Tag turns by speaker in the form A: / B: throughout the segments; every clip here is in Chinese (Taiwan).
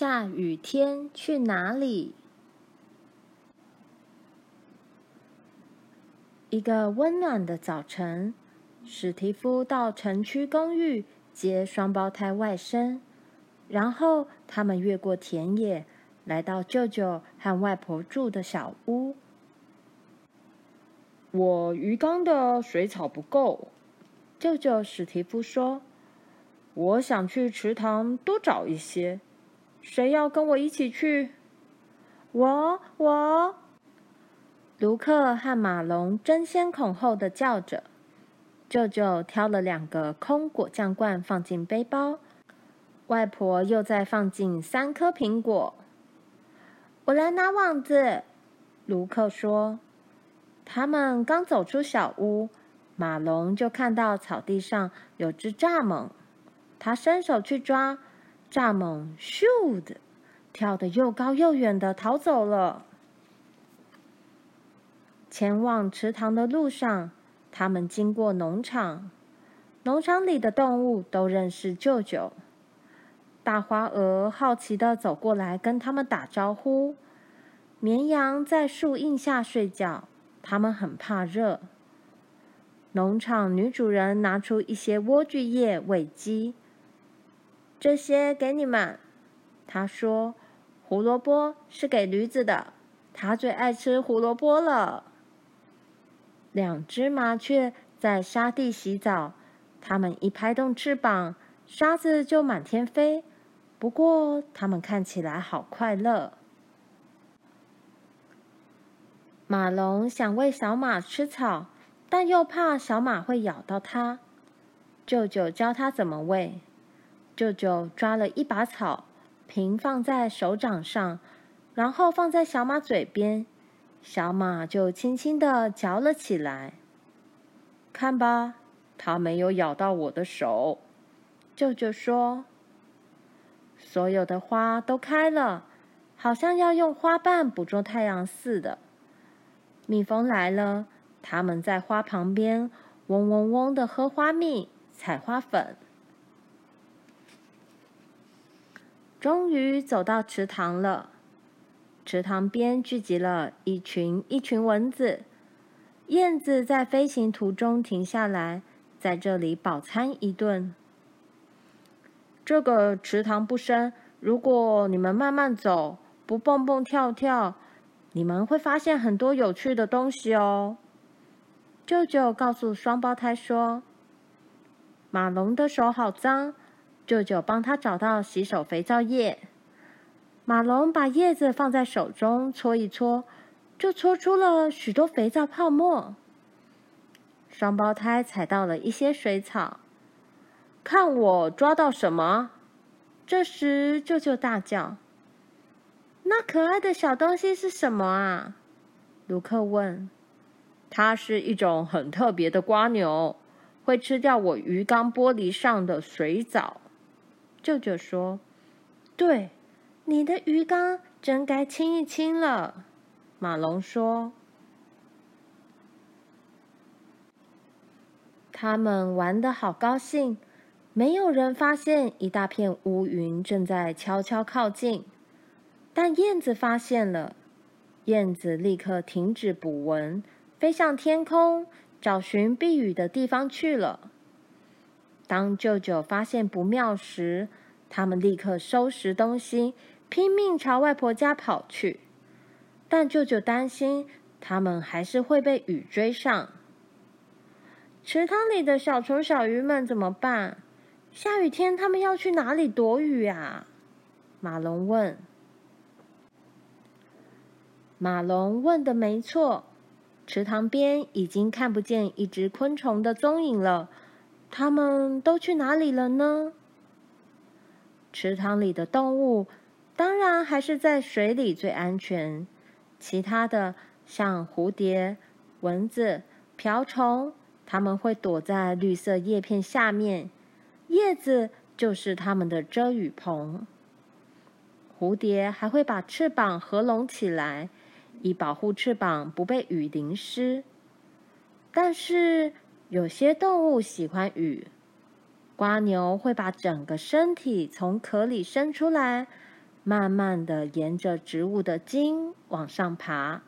A: 下雨天去哪裡？一個溫暖的早晨，史蒂夫到城區公寓接雙胞胎外甥，然後他們越過田野，來到舅舅和外婆住的小屋。我魚缸的水草不夠，舅舅史蒂夫說：“我想去池塘多找一些。”誰要跟我一起去？「我我！」盧克和馬龍爭先恐後的叫着。舅舅挑了兩個空果醬罐放進背包，外婆又再放進三顆蘋果。「我來拿網子。」盧克說。他們剛走出小屋，馬龍就看到草地上有隻蚱蜢，他伸手去抓。蚱蜢咻地跳得又高又遠的逃走了。前往池塘的路上，他們經過農場，農場裡的動物都認識舅舅。大花鵝好奇地走過來跟他們打招呼。綿羊在樹蔭下睡覺，他們很怕熱。農場女主人拿出一些萵苣葉喂雞。這些給你們，他說：“胡蘿蔔是給驢子的，它最愛吃胡蘿蔔了。”兩隻麻雀在沙地洗澡，它們一拍動翅膀，沙子就滿天飛。不過，它們看起來好快樂。馬龍想餵小馬吃草，但又怕小馬會咬到它。舅舅教他怎麼餵。舅舅抓了一把草，平放在手掌上，然後放在小馬嘴邊，小馬就輕輕的嚼了起來。看吧，它沒有咬到我的手，舅舅說。所有的花都開了，好像要用花瓣捕捉太陽似的。蜜蜂來了，它們在花旁邊嗡嗡嗡的喝花蜜、採花粉。終於走到池塘了，池塘邊聚集了一群一群蚊子，燕子在飛行途中停下來，在這裡飽餐一頓。這個池塘不深，如果你們慢慢走，不蹦蹦跳跳，你們會發現很多有趣的東西哦。舅舅告訴雙胞胎說：“馬龍的手好髒。”舅舅幫他找到洗手肥皂液，馬龍把葉子放在手中搓一搓，就搓出了許多肥皂泡沫。雙胞胎踩到了一些水草，看我抓到什麼！這時，舅舅大叫：“那可愛的小東西是什麼啊？”盧克問：“它是一種很特別的瓜牛，會吃掉我魚缸玻璃上的水藻。”舅舅說：“對，你的魚缸真該清一清了。”馬龍說。他們玩得好高興，沒有人發現一大片烏雲正在悄悄靠近。但燕子發現了，燕子立刻停止捕蚊，飛向天空，找尋避雨的地方去了。當舅舅發現不妙時，他們立刻收拾東西，拼命朝外婆家跑去。但舅舅擔心，他們還是會被雨追上。池塘裡的小蟲小魚們怎麼辦？下雨天，他們要去哪裡躲雨啊？馬龍問。馬龍問的沒錯，池塘邊已經看不見一只昆蟲的蹤影了。他們都去哪裡了呢？池塘裡的動物當然還是在水裡最安全。其他的像蝴蝶、蚊子、瓢蟲，他們會躲在綠色葉片下面，葉子就是他們的遮雨棚。蝴蝶還會把翅膀合攏起來，以保護翅膀不被雨淋濕。但是。有些動物喜歡雨，蝸牛會把整個身體從殼裡伸出來，慢慢的沿着植物的莖往上爬。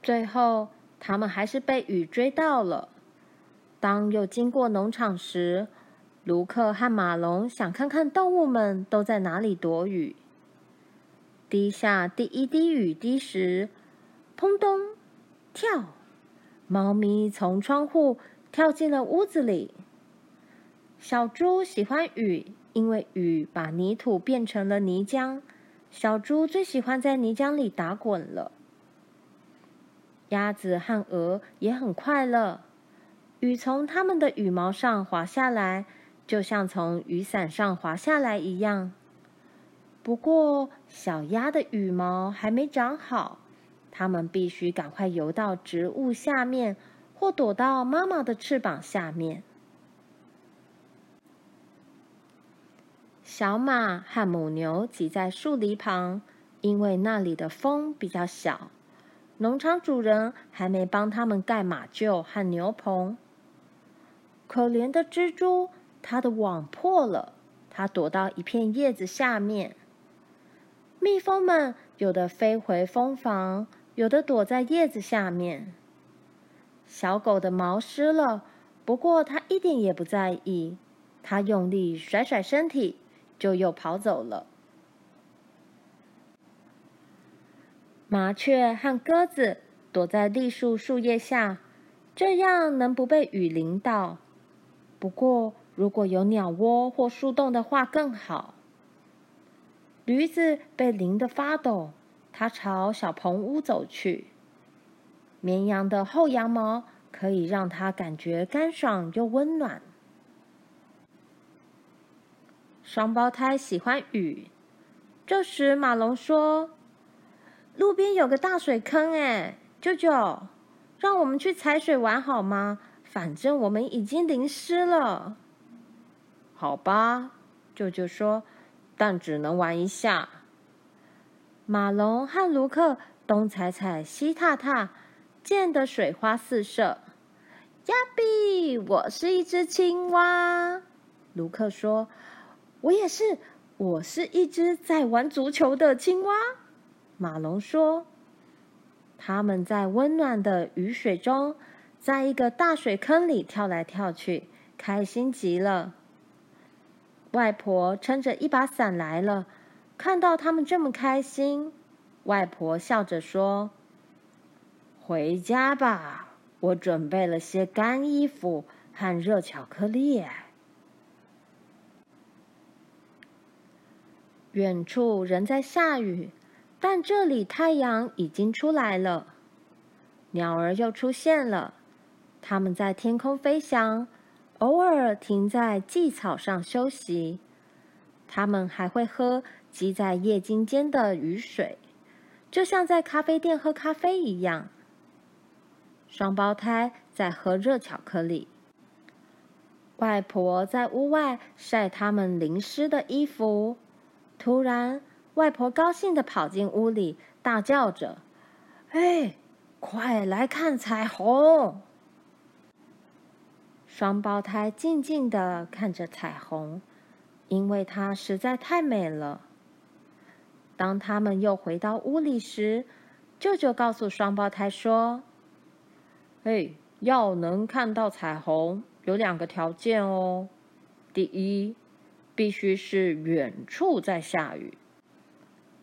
A: 最後，他們還是被雨追到了。當又經過農場時，盧克和馬龍想看看動物們都在哪裡躲雨。滴下第一滴雨滴時，砰咚，跳。貓咪從窗戶跳進了屋子裡。小豬喜歡雨，因為雨把泥土變成了泥漿。小豬最喜歡在泥漿裡打滾了。鴨子和鵝也很快樂，雨從它們的羽毛上滑下來，就像從雨傘上滑下來一樣。不過，小鴨的羽毛還沒長好。它們必須趕快游到植物下面，或躲到媽媽的翅膀下面。小馬和母牛擠在樹籬旁，因為那裡的風比較小。農場主人還沒幫他們蓋馬廄和牛棚。可憐的蜘蛛，它的網破了，它躲到一片葉子下面。蜜蜂們有的飛回蜂房。有的躲在葉子下面。小狗的毛濕了，不過它一點也不在意。它用力甩甩身體，就又跑走了。麻雀和鴿子躲在栗樹樹葉下，這樣能不被雨淋到。不過，如果有鳥窩或樹洞的話更好。驢子被淋得發抖。他朝小棚屋走去。綿羊的厚羊毛可以讓他感覺乾爽又溫暖。雙胞胎喜歡雨。這時，馬龍說：“路邊有個大水坑，哎，舅舅，讓我們去踩水玩好嗎？反正我們已經淋濕了。”好吧，舅舅說，但只能玩一下。馬龍和盧克東踩踩西踏踏，濺得水花四射。亞比，我是一隻青蛙，盧克說。我也是，我是一隻在玩足球的青蛙。馬龍說。他們在溫暖的雨水中，在一個大水坑裡跳來跳去，開心極了。外婆撐着一把傘來了。看到他們這麼開心，外婆笑着說：“回家吧，我準備了些乾衣服和熱巧克力。”遠處仍在下雨，但這裡太陽已經出來了。鳥兒又出現了，它們在天空飛翔，偶爾停在薊草上休息。他們還會喝積在葉莖間的雨水，就像在咖啡店喝咖啡一樣。雙胞胎在喝熱巧克力。外婆在屋外曬他們淋濕的衣服。突然，外婆高興地跑進屋裡，大叫着：“哎，快來看彩虹！”雙胞胎靜靜地看着彩虹。因為它實在太美了。當他們又回到屋裡時，舅舅告訴雙胞胎說：“嘿、哎，要能看到彩虹，有兩個條件哦。第一，必須是遠處在下雨，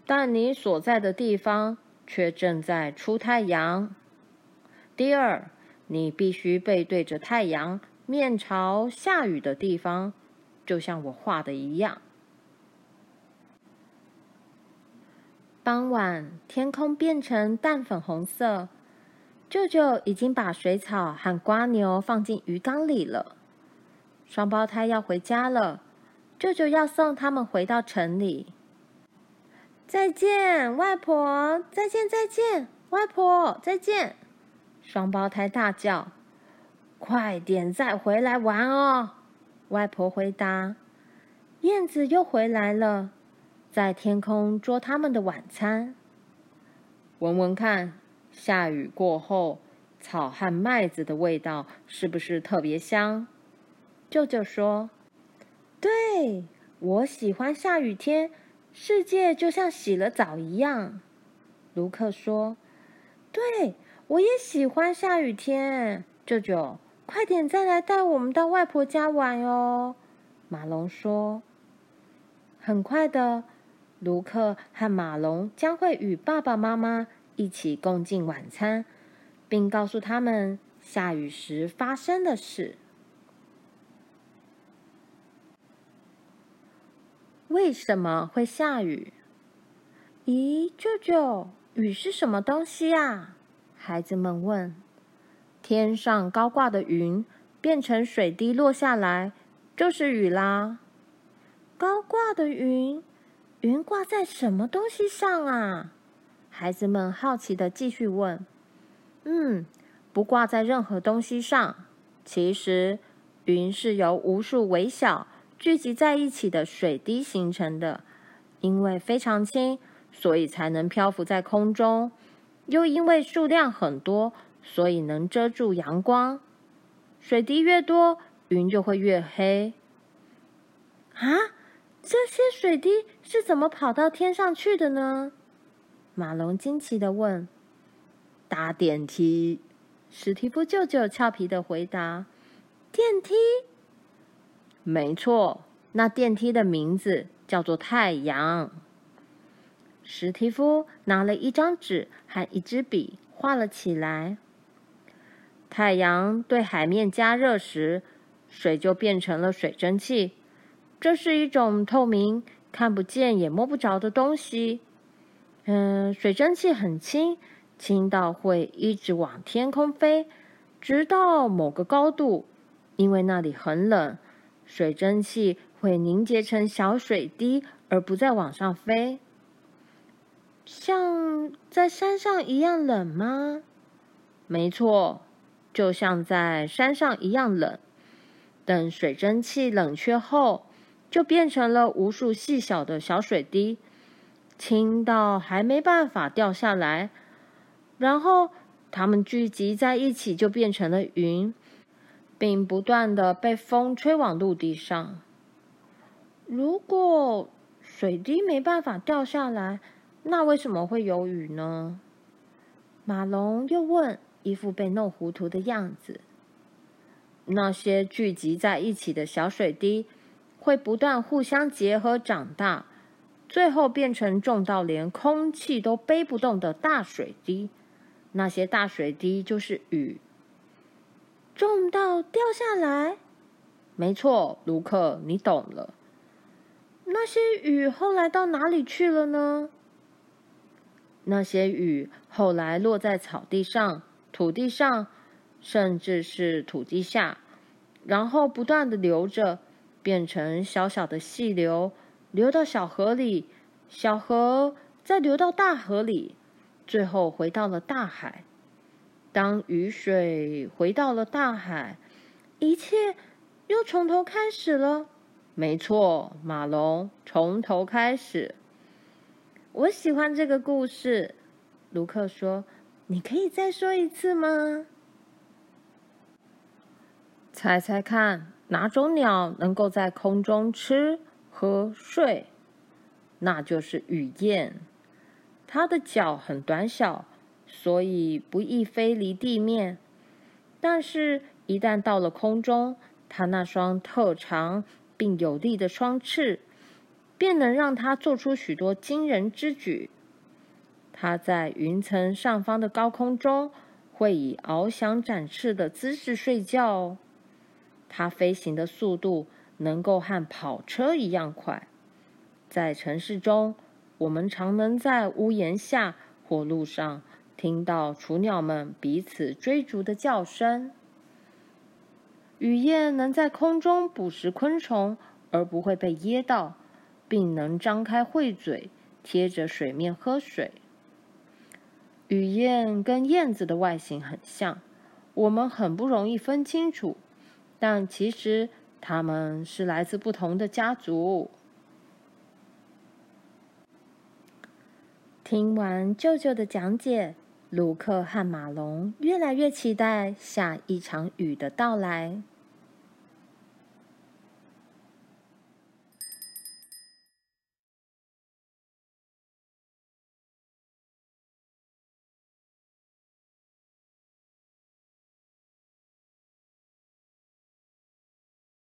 A: 但你所在的地方卻正在出太陽。第二，你必須背對着太陽，面朝下雨的地方。”就像我畫的一樣。傍晚，天空變成淡粉紅色。舅舅已經把水草和蝸牛放進魚缸裡了。雙胞胎要回家了，舅舅要送他們回到城裡。再見，外婆！再見，再見，外婆！再見。雙胞胎大叫：“快點再回來玩哦！”外婆回答：“燕子又回來了，在天空捉他們的晚餐。聞聞看，下雨過後，草和麥子的味道是不是特別香？”舅舅說：“對，我喜歡下雨天，世界就像洗了澡一樣。”盧克說：“對，我也喜歡下雨天。”舅舅。快點，再來帶我們到外婆家玩哦，馬龍說。很快的，盧克和馬龍將會與爸爸媽媽一起共進晚餐，並告訴他們下雨時發生的事。為什麼會下雨？咦，舅舅，雨是什麼東西啊？孩子們問。天上高掛的雲變成水滴落下來，就是雨啦。高掛的雲，雲掛在什麼東西上啊？孩子們好奇地繼續問。嗯，不掛在任何東西上。其實，雲是由無數微小聚集在一起的水滴形成的。因為非常輕，所以才能漂浮在空中。又因為數量很多，所以能遮住陽光，水滴越多，雲就會越黑。啊，這些水滴是怎麼跑到天上去的呢？馬龍驚奇地問？搭電梯，史蒂夫舅舅俏皮地回答。電梯，沒錯，那電梯的名字叫做太陽。史蒂夫拿了一張紙和一支筆，畫了起來。太陽對海面加熱時，水就變成了水蒸氣。這是一種透明、看不見也摸不着的東西。嗯，水蒸氣很輕，輕到會一直往天空飛，直到某個高度，因為那裡很冷，水蒸氣會凝結成小水滴，而不再往上飛。像在山上一樣冷嗎？沒錯。就像在山上一樣冷。等水蒸氣冷卻後，就變成了無數細小的小水滴，輕到還沒辦法掉下來。然後它們聚集在一起，就變成了雲，並不斷的被風吹往陸地上。如果水滴沒辦法掉下來，那為什麼會有雨呢？馬龍又問。一副被弄糊塗的樣子。那些聚集在一起的小水滴，會不斷互相結合長大，最後變成重到連空氣都背不動的大水滴。那些大水滴就是雨。重到掉下來。沒錯，盧克，你懂了。那些雨後來到哪裡去了呢？那些雨後來落在草地上。土地上，甚至是土地下，然後不斷的流着，變成小小的細流，流到小河裡，小河再流到大河裡，最後回到了大海。當雨水回到了大海，一切又從頭開始了。沒錯，馬龍，從頭開始。我喜歡這個故事，盧克說。你可以再說一次嗎？猜猜看，哪種鳥能夠在空中吃、喝、睡？那就是雨燕。它的腳很短小，所以不易飛離地面。但是，一旦到了空中，它那雙特長並有力的雙翅，便能讓它做出許多驚人之舉。它在雲層上方的高空中會以翱翔展翅的姿勢睡覺哦。它飛行的速度能夠和跑車一樣快。在城市中，我們常能在屋檐下或路上聽到雛鳥們彼此追逐的叫聲。雨燕能在空中捕食昆蟲而不會被噎到，並能張開喙嘴貼着水面喝水。雨燕跟燕子的外形很像，我們很不容易分清楚，但其實它們是來自不同的家族。聽完舅舅的講解，盧克和馬龍越來越期待下一場雨的到來。